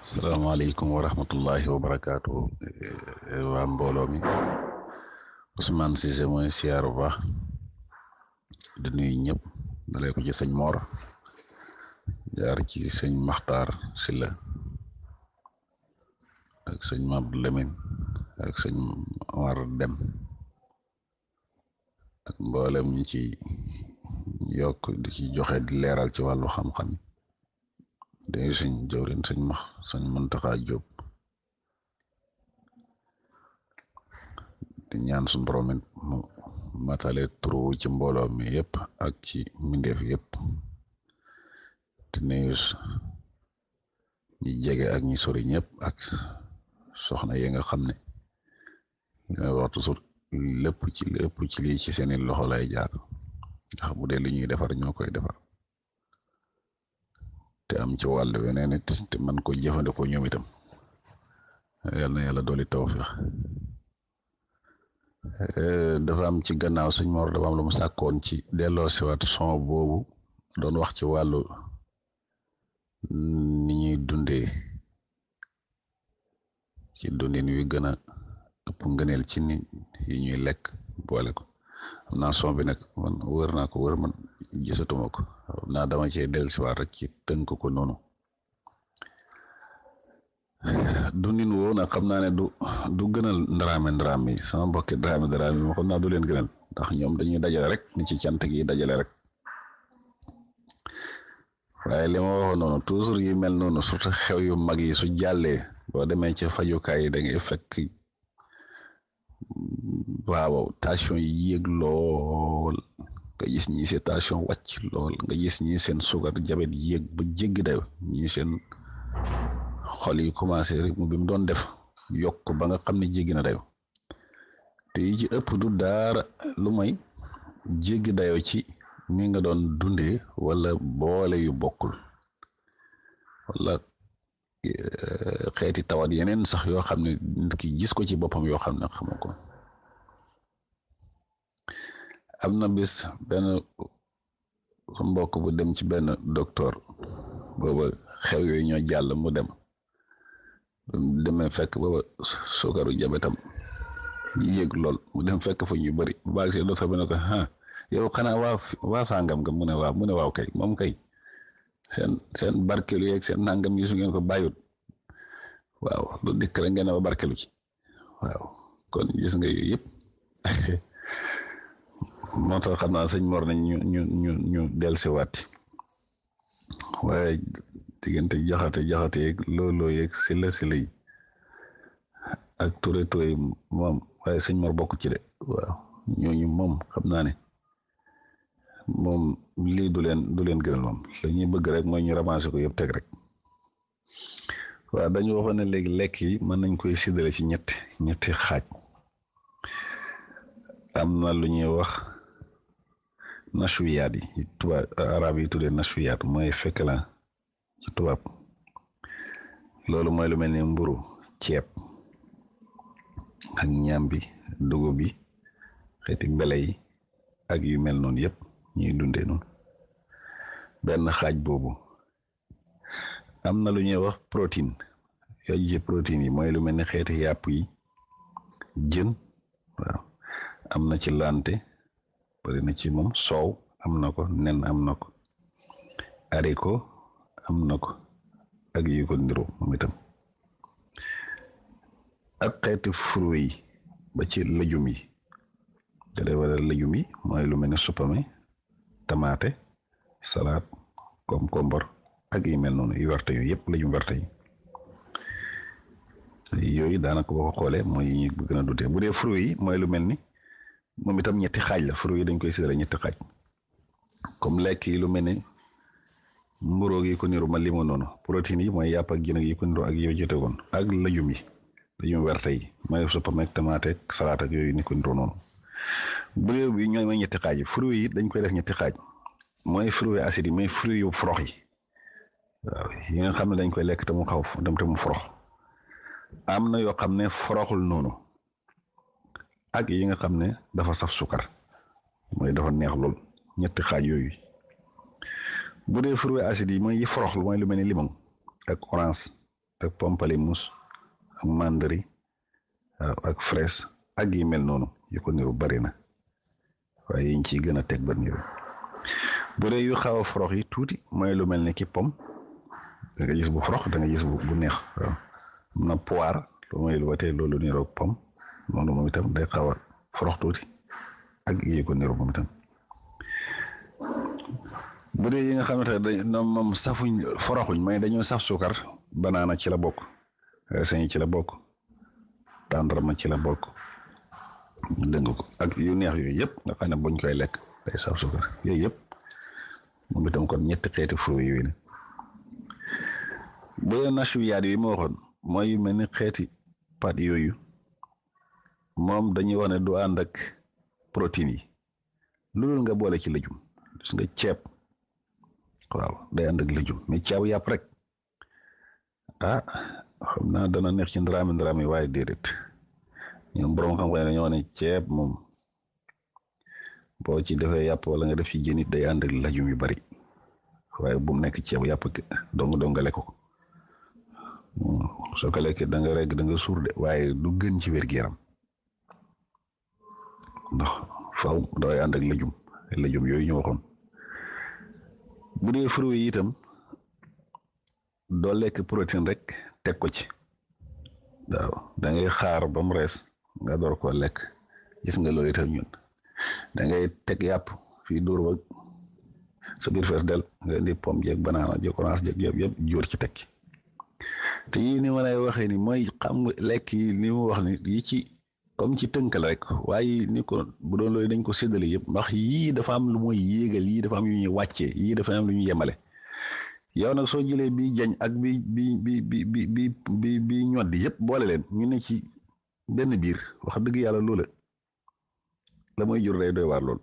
salaamaaleykum wa rahmatullahi wa barakaatu waa mbooloo mi Ousmane Cissé mooy siyaar bu baax di ñëpp dalee ko ci sëñ Moor jaar ci sëñ Maxtaar Silla ak sëñ Mabdu Lamin ak sëñ Omar Dem ak mboolem ñu ci yokk di ci joxe di leeral ci wàllu xam-xam dañ señ jawrin señ max señ Muntaxa job di ñaan sun borom it mu matale turu ci mbolo mi yépp ak ci mindeef yépp di nuyu ñi jégué ak ñi sori ñëpp ak soxna ye nga xamné ne ñooy waxtu sur lepp ci lepp ci li ci seen loxolay jaar ndax bu dee li ñuy defar ñokoy koy defar te am ci walu weneen it te man ko ko ñoom itam yalla na yàlla dooli tawfiq eh, dafa am ci gannaaw suñu mor dafa am lu mu sàkkoon ci ci wat son bobu doon wax ci walu ni ñuy dundé ci dundin wi gëna ëpp ngeenel ci nit yi ñuy lek boole ko am naa son bi nag man wër naa ko wër man gisatuma ko xam naa dama cee dellusiwaat rek ci tënk ko noonu dundin woo nag xam naa ne du du gënal ndaraame ndaraam yi sama mbokki ndaraame ndaraam yi ma xam naa du leen gënal ndax ñoom dañuy dajale rek ni ci cant gi dajale rek waaye li ma waxoon toujours yi mel noonu surtout xew yu mag yi su jàllee boo demee ci fajukaay yi da ngay fekk. waaw tension yi yéeg lool nga gis ñi seen tension wàcc lool nga gis ñii seen sugar jabet yéeg ba jéggi dayo ñii seen xol yi commencé rythme bi mu doon def yokk ba nga xam ne jéggi na dayo te yi ci ëpp du daara lu may jéggi dayo ci ni nga doon dundee walla boole yu bokkul wala xeeti tawat yeneen sax yoo xam ne nit ki gis ko ci boppam yoo xam ne xamu ko am na bis benn mbokk bu dem ci benn docteur booba xew yooyu ñoo jàll mu dem demee fekk booba sukaru jabetam yéeg lool mu dem fekk fa ñu bari baag si docteur bi ne ko ah yow xanaa waa waa sàngam nga mu ne waaw mu ne waaw kay moom kay seen seen barkelu yeeg seen nangam yi su ngeen ko bàyyut waaw lu dikk a barkelu ci waaw kon gis nga yooyu yëpp moo tax xam naa sëñ Mor nañ ñu ñu ñu ñu dellusiwaat waaye diggante jaxate jaxate yeeg looloo yeeg sila sila ak ture ture moom waaye sëñ Mor bokk ci de waaw moom xam naa ne. mom lii du len du len gënal mom dañuy bëgg rek moy ñu ramasser ko yëp tek rek wa dañu waxone leg lek yi man nañ koy séddale ci ñetti ñetti xaj am na lu ñuy wax nashwiyat yi tubaab arab yi tuddee nashwiyat moy fekk la ci tubaab lolu moy lu melni mburu ceeb ak ñambi bi dugub bi xeeti mbele yi ak yu mel non yep ñuy dundee noonu benn xaaj boobu am na lu ñuy wax protéine yooyu ci protéine yi mooy lu mel ni xeeti yàpp yi jën am na ci lante bari na ci moom soow am na ko nen am na ko ariko am na ko ak yu ko ndiroo moom itam ak xeeti fruit yi ba ci lëjum yi te wala lëjum yi mooy lu mel ni suppame tamaate salaat concombre ak yu mel noonu yu werte yooyu yooyu daanaka boo ko xoolee mooy yi ñu gën a dutee bu dee fruits yi mooy lu mel ni moom itam ñetti xaaj la fruits yi dañ koy séddale ñetti xaaj comme lekk yi lu mel ni mburoog yi ko niru ma limo noonu protéines yi mooy yàpp ak jën yi ko niru ak yow jote woon ak lajum yi lajum werte yi mooy supame tamaate salaat ak yooyu ni ko niru noonu bu réew bi ñooy mooy ñetti xaaj yi fruits yi dañ koy def ñetti xaaj mooy fruits acides yi mooy fruits yu frox yi waaw yi nga xam ne dañ koy lekk te mu xaw dem te mu frox am na yoo xam ne froxul noonu ak yi nga xam ne dafa saf sukar mooy dafa neex lool ñetti xaaj yooyu bu dee fruits acides yi mooy yi frox mooy lu mel ni limon ak orange ak pamplemousse ak mandarine ak fraise ak yi mel noonu yu ko niru bari na waaye yiñ ci gën a teg bët nii bu dee yu xaw forox yi tuuti mooy lu mel ni ki pom da nga bu forox da nga bu neex waaw am na poire lu mooy loolu niroog pom noonu moom itam day xaw a forox tuuti ak yi ko niroog moom itam bu dee yi nga xam ne te dañ moom safuñ foroxuñ may dañoo saf suukar banaana ci la bokk sañ ci la bokk tàndarma ci la bokk dégg nga ko ak yu neex yooyu yëpp nga xam ne buñ koy lekk day saf sukar yooyu yëpp moom itam kon ñetti xeeti fruit yooyu yi ma waxoon mooy mel ni xeeti pat yooyu moom dañuy wax ne du ànd ak protéines yi loolu nga boole ci lëjum gis nga ceeb waaw day ànd ak lëjum mais ceebu yàpp rek ah xam naa dana neex ci ndaraami ndaraami waaye déedéet. ñoom borom xam nga dañoo ne ceeb moom boo ci defee yàpp wala nga def ci jën it day ànd ak lajum yu bari waaye bu mu nekk ceeb yàpp dong dong nga lekk ko hmm, soo ko lekkee da nga rekk da suur de waaye du gën ci wér-gu-yaram ndax faw dafay ànd ak lajum lajum yooyu ñu waxoon bu dee fruits yi doo lekk protéine rek teg ko ci waaw da xaar ba mu rees. nga door ko lekk gis nga loolu itam ñun da teg yàpp fii dóor ba sa biir fees del nga indi pomme jeeg banaana jeeg orange yëpp yëpp jóor ci teg te yii ni ma waxee ni mooy xam nga lekk yi ni mu wax ni yi ci comme ci tënk la rek waaye ni ko bu doon loolu dañ ko séddale yëpp ndax yii dafa am lu muy yéegal yii dafa am yu ñuy wàccee yii dafa am lu ñuy yemale yow nag soo jëlee bi jañ ak bi bi bi bi yëpp boole leen ñu ne ci benn biir wax dëgg yàlla loola la mooy jur day doy waar lool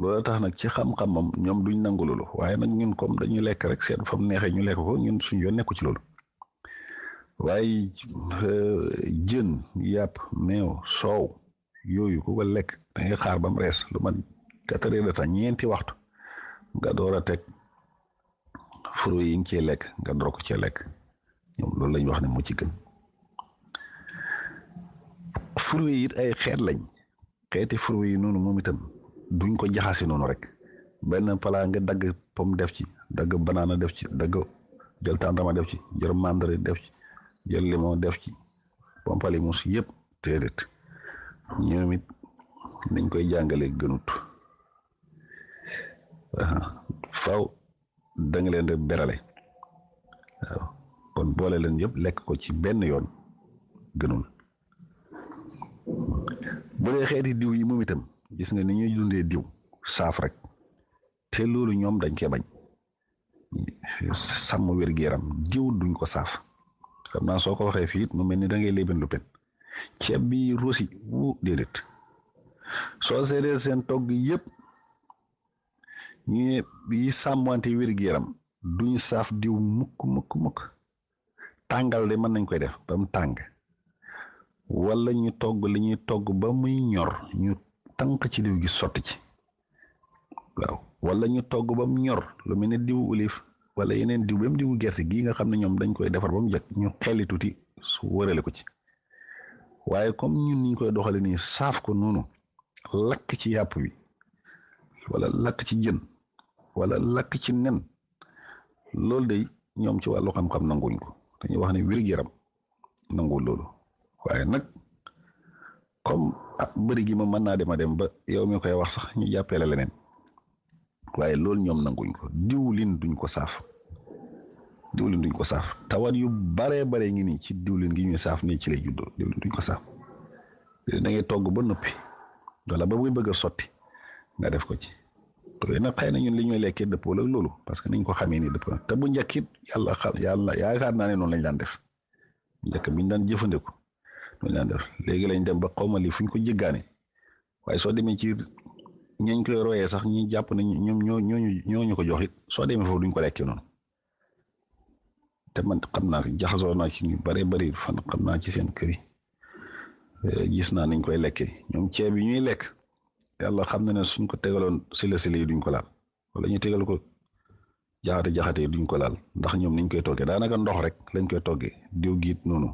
loola tax nag ci xam-xamam ñoom duñ nangu loolu waaye nag ñun koom dañuy lekk rek seet fam neexee ñu lekk ko ñun suñu yoon ci loolu euh, jën yàpp meew soow yooyu ku ko lekk da xaar ba mu rees lu man quatre heures de temps ñeenti waxtu nga door a teg fruit yi nga cee lekk nga door ko cee lekk ñoom loolu lañ wax ne moo ci gën fruits yi it ay xeet lañ xeeti fruits yi noonu moom itam duñ ko jaxasi noonu rek benn palaa nga dagg pomme def ci dagg banaana def ci dagg jël tàndarma def ci jël mandari def ci jël limon def ci pompalimus yëpp téedét ñoom it nañ koy jàngale gënut waaw faw da leen di berale kon boole leen yëpp lekk ko ci benn yoon gënul bu dee xeeti diw yi moom itam gis nga ni ñuy dundee diw saaf rek te loolu ñoom dañ koy bañ sàmm wér gi diw duñ ko saaf xam naa soo ko waxee fii mu mel ni da ngay lébén lu pen ceeb bi rosi wu déedéet soo seedee seen togg yépp ñi yi sàmmante wér gi yaram duñ saaf diw mukk mukk mukk tàngal de mën nañ koy def ba mu tàng wala ñu togg li ñuy togg ba muy ñor ñu tànk ci diw gi sotti ci waaw wala ñu togg ba mu ñor lu mel ne diw olive wala yeneen diw ba mu diwu gerte gii nga xam ne ñoom dañ koy defar ba mu jot ñu xelli tuuti su wërale ko ci waaye comme ñun niñ koy doxale nii saaf ko noonu lakk ci yàpp bi wala lakk ci jën wala lakk ci nen loolu de ñoom ci wàllu xam-xam nanguñ ko dañuy wax ne wér-gu-yaram nanguwul loolu waaye nag comme ah bëri gi ma mën naa dem a dem ba yow mi koy wax sax ñu jàppee la leneen waaye loolu ñoom nanguñ ko diwlin duñ ko saaf diwlin duñ ko saaf tawat yu baree bare ngi nii ci diwlin gi ñuy saaf nii ci lay juddoo diwlin duñ ko saaf da ngay togg ba noppi wala ba muy bëgg sotti nga def ko ci loolu nag xëy na ñun li ñuy lekkee dëppoo la loolu parce que nañ ko xamee ni dëppoo te bu njëkk it yàlla yaakaar naa ne noonu lañ daan def njëkk bi ñu daan jëfandiku duñ leen léegi lañ dem ba xawma li ñu ko jéggaane waaye soo demee ci ñañ koy royee sax ñi jàpp ne ñoom ñoo ñooñu ñooñu ko jox it soo demee foofu duñ ko lekk noonu te man xam naa jaxasoo naa ci ñu bare bari fan xam naa ci seen kër yi eh, gis naa niñ koy lekkee ñoom ceeb yi ñuy lekk yàlla xam na ne suñ ko tegaloon sila sila yi duñ ko laal wala ñu tegal ko jaxate jaxate yi duñ ko laal ndax ñoom niñ koy toggee daanaka ndox rek lañ koy toggee diw giit noonu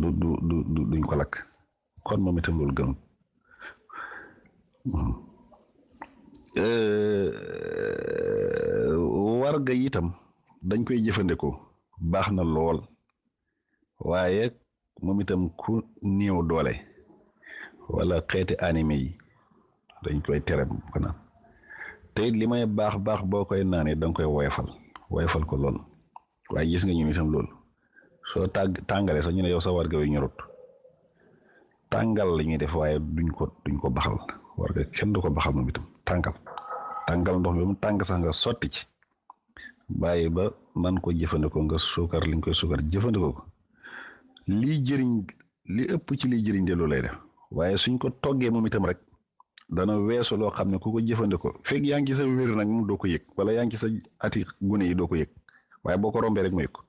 du du duñ ko lakk kon moom itam loolu gëm hmm. euh, warga itam dañ koy jëfandikoo baax na lool waaye moom itam ku néew doole wala xeeti animé yi dañ koy tere ko naan te it li may baax baax boo koy naanee danga koy woyofal woyofal ko lool waaye gis nga ñu itam loolu soo tàgg tàngalee sax ñu ne yow sa warga wi ñorut tàngal la ñuy def waaye duñ ko duñ ko baxal warga kenn du ko baxal moom itam tàngal tàngal ndox mi ba mu tàng sax nga sotti ci bàyyi ba man ko jëfandikoo nga suukar liñ koy suukar jëfandikoo ko lii jëriñ li ëpp ci liy jëriñ de loolu lay def waaye suñ ko toggee moom itam rek dana weesu loo xam ne ku ko jëfandikoo fekk yaa ngi ci sa wér nag mu doo ko yëg wala yaa ngi sa ati gune yi doo ko yëg waaye boo ko rombee rek mu ko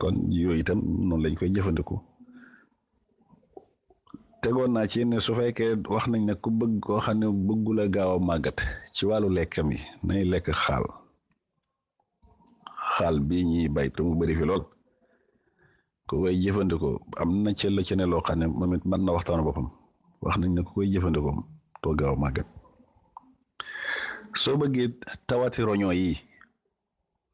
kon yooyu itam noonu lañ koy jëfandikoo tegoon naa ci ne su fekkee wax nañ ne ku bëgg koo xam ne bëggula gaaw a màggat ci wàllu lekkam yi nay lekk xaal xaal bii ñuy bay te mu bari fi lool ku koy jëfandikoo am na ci la ci ne loo xam ne moom na waxtaan boppam wax nañ ne ku koy jëfandikoo too gaaw màggat soo bëggee tawati roñoo yi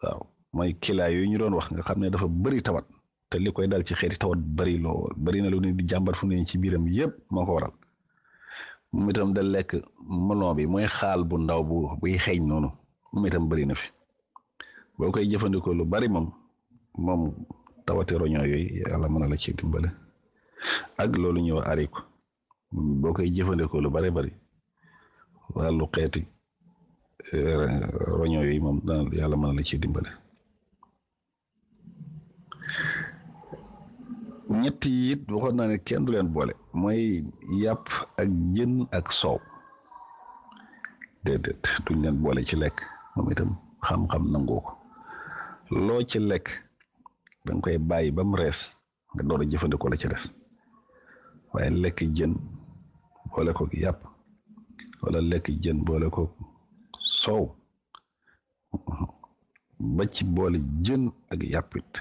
waaw mooy kilaa yooyu ñu doon wax nga xam ne dafa bari tawat te li koy daal ci xeeti tawat bëri lool bëri ne di jàmbat fu ne ci biiram yépp moo ko waral moom itam da lekk melon bi mooy xaal bu ndaw bu buy xeeñ noonu moom itam bëri na fi boo koy jëfandikoo lu bari moom moom tawati roñoo yooyu yàlla mën la ci dimbale ak loolu ñuy wax ariku boo koy jëfandikoo lu bari bari wàllu xeeti eh, roñoo yooyu moom dana yàlla mën na la ci dimbale ñetti yi it naa ne kenn du leen boole mooy yàpp ak jën ak soow déedéet duñ leen boole ci lekk moom itam xam-xam nangoo ko loo ci lekk da koy bàyyi ba mu rees nga door a jëfandikoo la ci des waaye lekk jën boole koog yàpp wala lekk jën boole koog soow ba ci boole jën ak yàpp it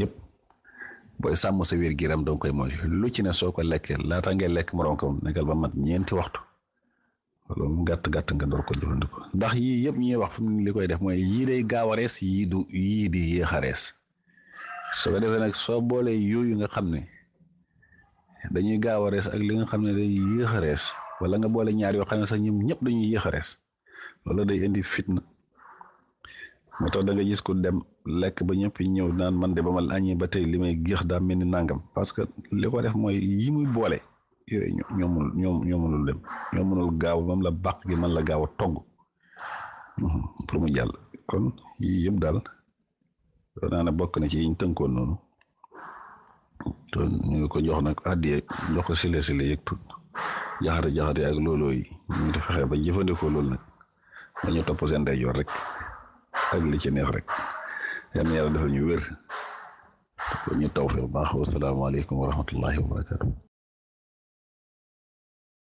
yëpp booy sàmm sa wér giram danga koy mooy lu ci ne soo ko lekkee laata ngay lekk moroom ko nekkal ba mat ñeenti waxtu loolu gàtt nga door ko ndax yii yëpp ñuy wax fi mu li koy def mooy yii day gaaw a rees yii du yii di yéex a rees soo ko defee nag soo boolee yooyu nga xam ne dañuy gaaw a rees ak li nga xam ne day yéex a rees wala nga boole ñaar yoo xam ne sax ñoom ñëpp dañuy yéex a rees loolu day indi fitna. moo tax da nga gis ku dem lekk ba ñëpp ñëw naan man de ba ma añee ba tey li may géex daa mel ni nangam parce que li ko def mooy yi muy boole yooyu ñoo ñoo mënul dem ñoo mënul gaaw moom la bàq gi man la gaaw a togg mhm, pour mu jàll kon yii yëpp daal doo naa ne bokk na ci yiñ tënkoon noonu to ñu ngi ko jox nag àddiye jox ko sile sile yëg tut jaxate jaxate ak looloo yi ñu ngi fexe ba jëfandikoo loolu nag ma ñu topp seen ndeyjoor rek ak li ci neex rek yal na yàlla defal ñu wér ñu tawfeex baax wasalaamaaleykum wa rahmatullahi wa barakaatu.